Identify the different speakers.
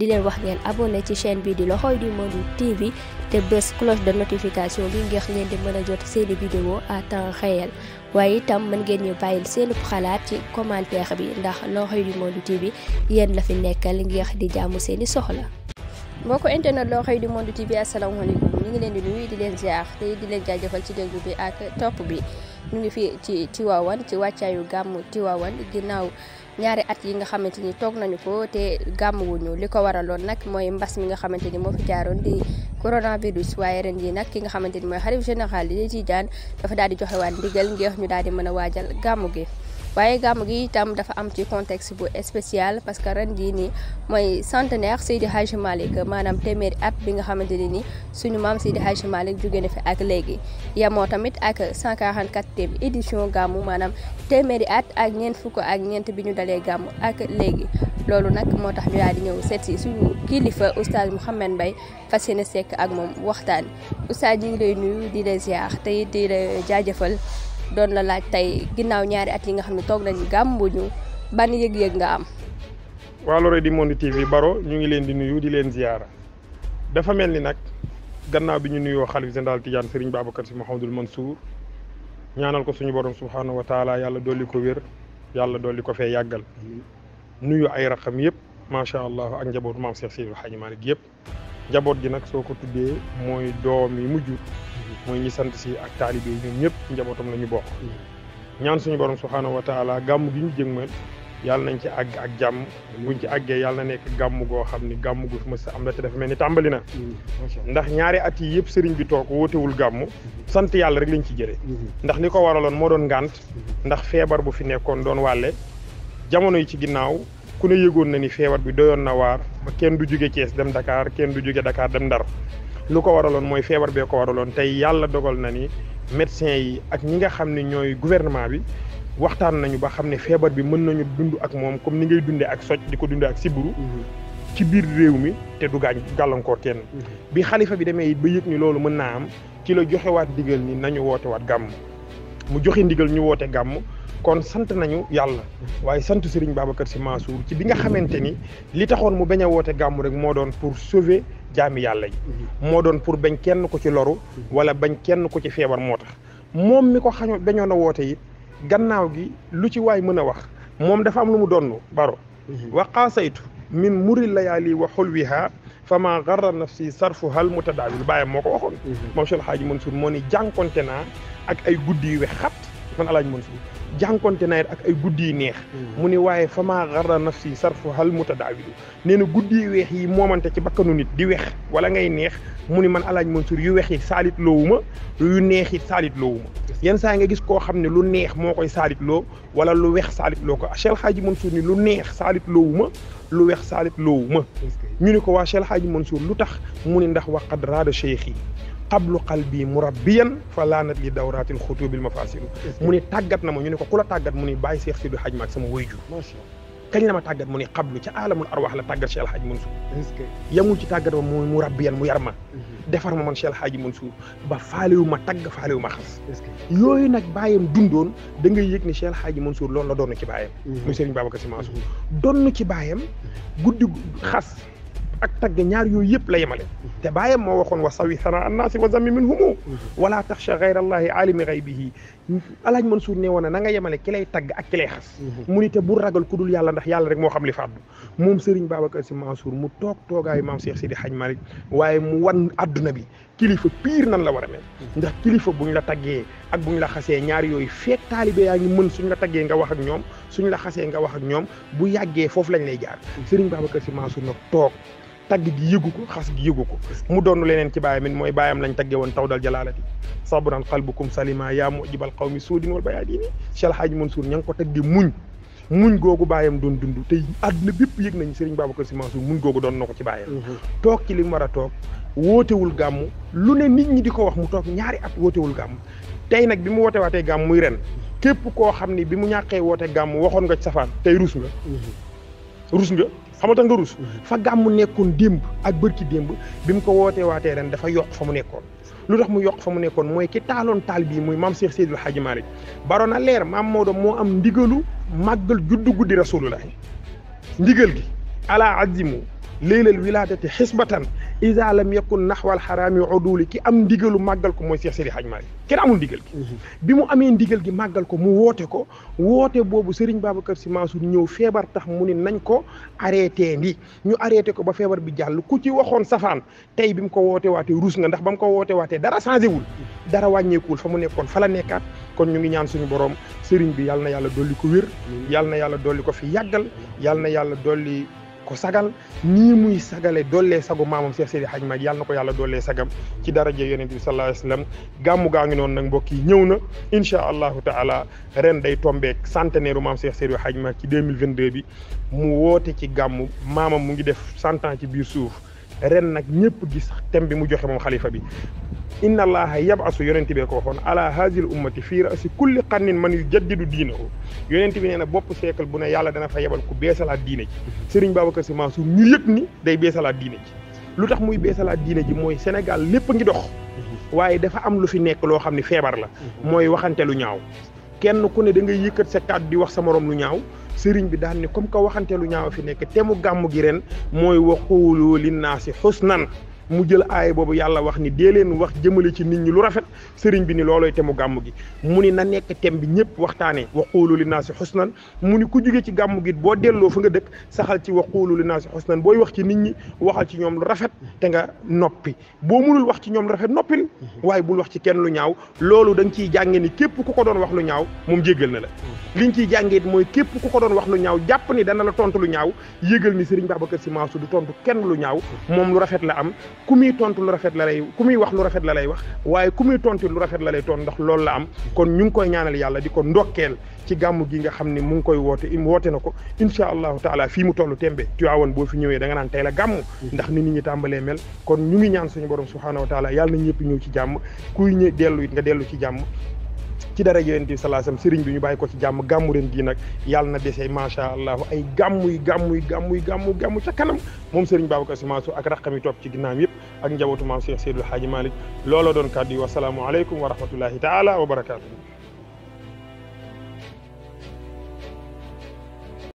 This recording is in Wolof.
Speaker 1: di leen wax ngeen abonné ci chaîne bi di l'oreille du monde TV te bés cloche de notification bi ngir ngeen di mën a jot seeni vidéo à temps réel waaye itam mën ngeen ñu bàyyil seen xalaat ci commentaire bi ndax l'oreille du monde TV yéen la fi nekkal ngir di jaamu seeni soxla. mbokk internet l'oreille du monde TV asalaamaaleykum ñu ngi leen di nuyu di leen ziar te di leen jaajëfal ci déglu bi ak topp bi ñu ngi fi ci Tiwaawan ci wàccaayu gàmmu Tiwaawan ginnaaw. ñaari at yi nga xamante ni toog nañu ko te gàmmuwuñu li ko waraloon nag mooy mbas mi nga xamante ni moo fi jaaroon di coronavirus waaye ren yi nag ki nga xamante ni mooy xarit général yi di Tijaan dafa daal di joxe waat ndigal ngir ñu daal di mën a waajal gàmmu gi. waaye gàmm gi itam dafa am ci contexte bu spécial parce que ren jii nii mooy centenaire Seydi Hadji Malick maanaam téeméeri at bi nga xamante ne nii suñu maam di Hadji Malick jógee na fi ak léegi yemoo tamit ak 144e édition gàmmu maanaam téeméeri at ak ñeent fukk ak ñeent bi ñu dalee gàmmu ak léegi loolu nag moo tax ñu daal ñëw seet suñu kilifa oustaz Mouhamed Mbaye fas yéene sekk ak moom waxtaan oustaz ñu ngi lay di la ziar te it di la jaajëfal doon la laaj tey ginnaaw ñaari at yi nga xam ne toog nañu gàmbuñu ban yëg-yëg nga am.
Speaker 2: waa l'oreille du monde TV Baro ñu ngi leen di nuyu di leen ziyaara dafa mel ni nag gannaaw bi ñu nuyoo xalif général Tidiane Serigne Babacar Sy Mouhamadoul Mansour ñaanal ko suñu borom subhaanahu wa taala yàlla dolli ko wér yàlla dolli ko fee yàggal nuyu ay raqam yëpp macha allah ak njabootu maam Cheikh Seydou Hadji Malick yëpp njaboot gi nag soo ko tuddee mooy doom yi mujj. mooy ñi sant si ak taalibe yi ñoom ñëpp njabootam la ñu bokk ñaan suñu borom subhaanahu wa taala gàmm gi ñu jëgmal yàlla nañ ci àgg ak jàmm buñ ci àggee yàlla na nekk gàmm goo xam ni gàmm gu mës am la te dafa mel ni tàmbali na ndax ñaari at yi yëpp sëriñ bi toog wóotewul gàmmu sant yàlla rek lañ ci jëlee ndax li ko waraloon moo doon ngànt ndax feebar bu fi nekkoon doon wàlle jamono yi ci ginnaaw ku ne yëgoon na ni feebar bi doyoon na waar ba kenn du jóge Thiès dem Dakar kenn du jóge Dakar dem Ndar lu ko waraloon mooy feebar bee ko waraloon tey yàlla dogal na ni médecin yi ak ñi nga xam ni ñooy gouvernement bi waxtaan nañu ba xam ne feebar bi mën nañu dund ak moom comme ni ngay dundee ak socc di ko dunde ak siburu mhm. ci biir réew mi te du gaañ gàllankoor kenn mhm. bi xalifa bi demee it ba yëg ni loolu mën naa am ci la joxewaat ndigal ni nañu woote waat gàmm mu joxe ndigal ñu woote gàmm kon sant nañu yàlla mhm. waaye sant Serigne Babacar Sy Mansour ci bi nga xamante ni li taxoon mu bañ a woote gàmm rek moo doon pour sauver jaami yàlla yi mhm. moo doon pour bañ kenn ko ci loru mhm. wala bañ kenn ku ci feebar moo tax moom mi ko xañoo bañoon a woote it gannaaw gi lu ci waay mën a wax moom dafa am lu mu doon baro mhm. wa qaasaytu min muri layaali wa xulwiha fama garra nafsi sarfuha al mutadaawil bàyyam moo ko waxoon moom Cheikh Alhaaji Mansour moo ni jànkonte naa ak ay guddi yu wex xat man alaaj fi jànkonte nayr ak ay guddi neex muni waye fama garra nafsi sarfu hal mutadaawidu neena guddi wex yi momanté ci bakkanu nit di wex wala ngay neex muni man alaaj sur yu weex yi saalit loowuma yu neexi salit lowuma yeen sa nga gis ko xamné lu neex mo koy salit loo wala lu wex salit loo ko Cheikh Xaaji Mansour ni lu neex salit lowuma lu wex salit lowuma ñu ni ko wa Cheikh Xaaji Mansour lu tax mu ni ndax waqad raada cheikh yi qablu qalbi murabbiyan fa laanat li dawraatil xutuubil mafaasilu mu ni tàggat na ma ñu ne ko ku la tàggat mu ni bàyyi seex si du xaj maag sama wayju kañ la ma tàggat mu ni qablu ca aalamul arwaax la tàggat Cheikh Alhaji Mansour yamul ci tàggat ma mu murabbiyan mu yar ma mhm. defar ma man Cheikh Alhaji Mansour ba faalewu ma tagg faalewu ma xas yooyu nag bàyyam dundoon da ngay yëg ne Cheikh Alhaji Mansour loolu la doon ci bàyyam mhm. muy Serigne Babacar Sy Mansour mhm. doon ci bàyyam guddi xas ak tagg ñaar yooyu yëpp la yemale te bàyyam moo waxoon wa sawi sana annaasi wa zammi min humu wala taxcha gayra allahi alimi gaybihi alaaj Mansour ne woon na nga yemale ki lay tagg ak ki lay xas mu ni te bu ragal ku dul yàlla ndax yàlla rek moo xam li fàddu moom Serigne Babacar Sy Mansour mu toog toogaayu maam Cheikh Sidi Hadj Malick waaye mu wan adduna bi kilifa piir nan la war a mel ndax kilifa buñ la taggee ak buñ la xasee ñaar yooyu feek taalibe yaa ngi mën suñ la taggee nga wax ak ñoom suñ la xasee nga wax ak ñoom bu yàggee foofu lañ lay jaar Serigne Babacar Sy Mansour nag toog tagg gi yëgu ko xas gi yëgu ko mu doon leneen ci baayam it mooy baayam lañ tagge woon taw dal jalaalati sabran qalbukum salima yaa mujibal qawmi suudin wal bayaadini Cheikh Hadj Mansour ña ngi ko tagge muñ muñ googu baayam doon dund tey àdduna bépp yëg nañ Serigne ko Sy Mansour muñ googu doon na ko ci baayam mhm. toog ci li mu war a toog wootewul gàmmu lu ne nit ñi di ko wax mu toog ñaari at wootewul gàmm tey nag bi mu woote waatee gàmm muy ren képp koo xam ni bi mu ñàkkee woote gàmm waxoon nga ci safaan tey rus nga mhm. ruus nga xamata nga rus mm-hmm. fa gàmmu nekkoon démb ak bërki démb bi mu ko wootee waatee ren dafa yokk fa mu nekkoon lu tax mu yokk fa mu nekkoon mooy ki taaloon taal bii muy maam Cheikh Seydil Hadji Malick baroon na leer maam Maodo moo am ndigalu màggal juddu guddi rasulullah ndigal gi ala azimu léylal wilaadati xisbatan isa lam yakun naxwal xaraami oduli ki am ndigalu màggal ko mooy Cheikh Seydi Hadj Malick kenn amul ndigal gi bi mu amee ndigal gi màggal ko mu woote ko woote boobu Serigne Babacar Sy Mansour ñëw feebar tax mu ne nañ ko arrêté ndi ñu arrêté ko ba feebar bi jàll ku ci waxoon safaan tey bi mu ko woote waatee ruus nga ndax ba mu ko woote waatee dara changé wul dara wàññeekuwul fa mu nekkoon fa la nekkaat kon ñu ngi ñaan suñu borom Serigne bi yàlla na yàlla dolli ko wér yàlla na yàlla dolli ko fi yàggal yàlla na yàlla dolli ko sagal nii muy sagale dollee sagu maamam Cheikh Seydi Hadj Mag yàlla ko yàlla dollee sagam ci daraja yonente bi sallallahu alayhi wa sallam gàmmu gaa ngi noonu nag mbokk yi ñëw na incha allahu taala ren day tombeek centenaire u maam Cheikh Seydi Hadj Mag ci 2022 bi mu woote ci gàmmu maamam mu ngi def cent ci biir suuf ren nag ñëpp gis thème bi mu joxe moom xalifa bi inna allaha yabasu yonente bee ko waxoon ala hasil ummati fii rasi kulli xannin man yu jaddidu ko yonente bi nee na bopp siècle bu ne yàlla dana fa yebal ku beesalaat diine ji Serigne Babacar Sy Mansour ñu yëg ni day beesalaat diine ji lu tax muy beesalaat diina ji mooy Sénégal lépp a ngi dox waaye dafa am lu fi nekk loo xam ne feebar la mhm. mooy waxante lu ñaaw kenn ku ne da ngay yëkkat sa kàddu di wax sa morom lu ñaaw sëriñ bi daal ne comme que waxante lu ñaaw fi nekk te mu gàmm gi ren mooy wa quulu linnaasi xusnan mu jël aay boobu yàlla wax ni dee leen wax jëmale ci nit ñi lu rafet sëriñ bi ni loolooy te mu gàmm gi mu ni na nekk thème bi ñëpp waxtaanee waquulu li naa si xusnan mu ni ku jóge ci gàmm gi boo delloo fa nga dëkk saxal ci waquulu li naa si xusnan booy wax ci nit ñi waxal ci ñoom lu rafet te nga noppi boo mënul wax ci ñoom lu rafet noppil waaye bul wax ci kenn lu ñaaw loolu da nga ciy jànge ni képp ku ko doon wax lu ñaaw moom jéggal na la li ñu ciy jàngee mooy képp ku ko doon wax lu ñaaw jàpp ni dana la tontu lu ñaaw yégal ni sëriñ Babacar Si Mansour du tontu kenn lu ñaaw moom lu rafet la am kumi tontu lu rafet la lay kumi wax lu rafet la lay wax waye kumi tontu lu rafet la lay ton ndax lool la am kon ñu ngi koy ñaanal yalla diko ndokkel ci gamu gi nga xamni mu ngi koy wote im wote nako ko incha taala fi mu tollu tembe tu awon bo fi ñewé da nga nan tay la gàmm ndax ni nit ñi tambalé mel kon ñu ngi ñaan suñu borom subhanahu wa taala yalla na ñëpp ñëw ci jamm kuy ñe delu it nga delu ci jamm ci dara yonent sallallahu alayhi wasallam sëriñ bi ñu bayiko ci jamm gamu reen gi nak yalla na déssé ma sha allah ay gàmmuy gàmmuy gàmmuy gamu gamu ca kanam mom sëriñ Babacar Sy Mansour ak raqam top ci ginnaam yëpp ak njabootu maam Cheikh Seydil Hadji Malick looloo doon kàddu yi wasalaamualeykum wa rahmatullahi taala wa barakaatu.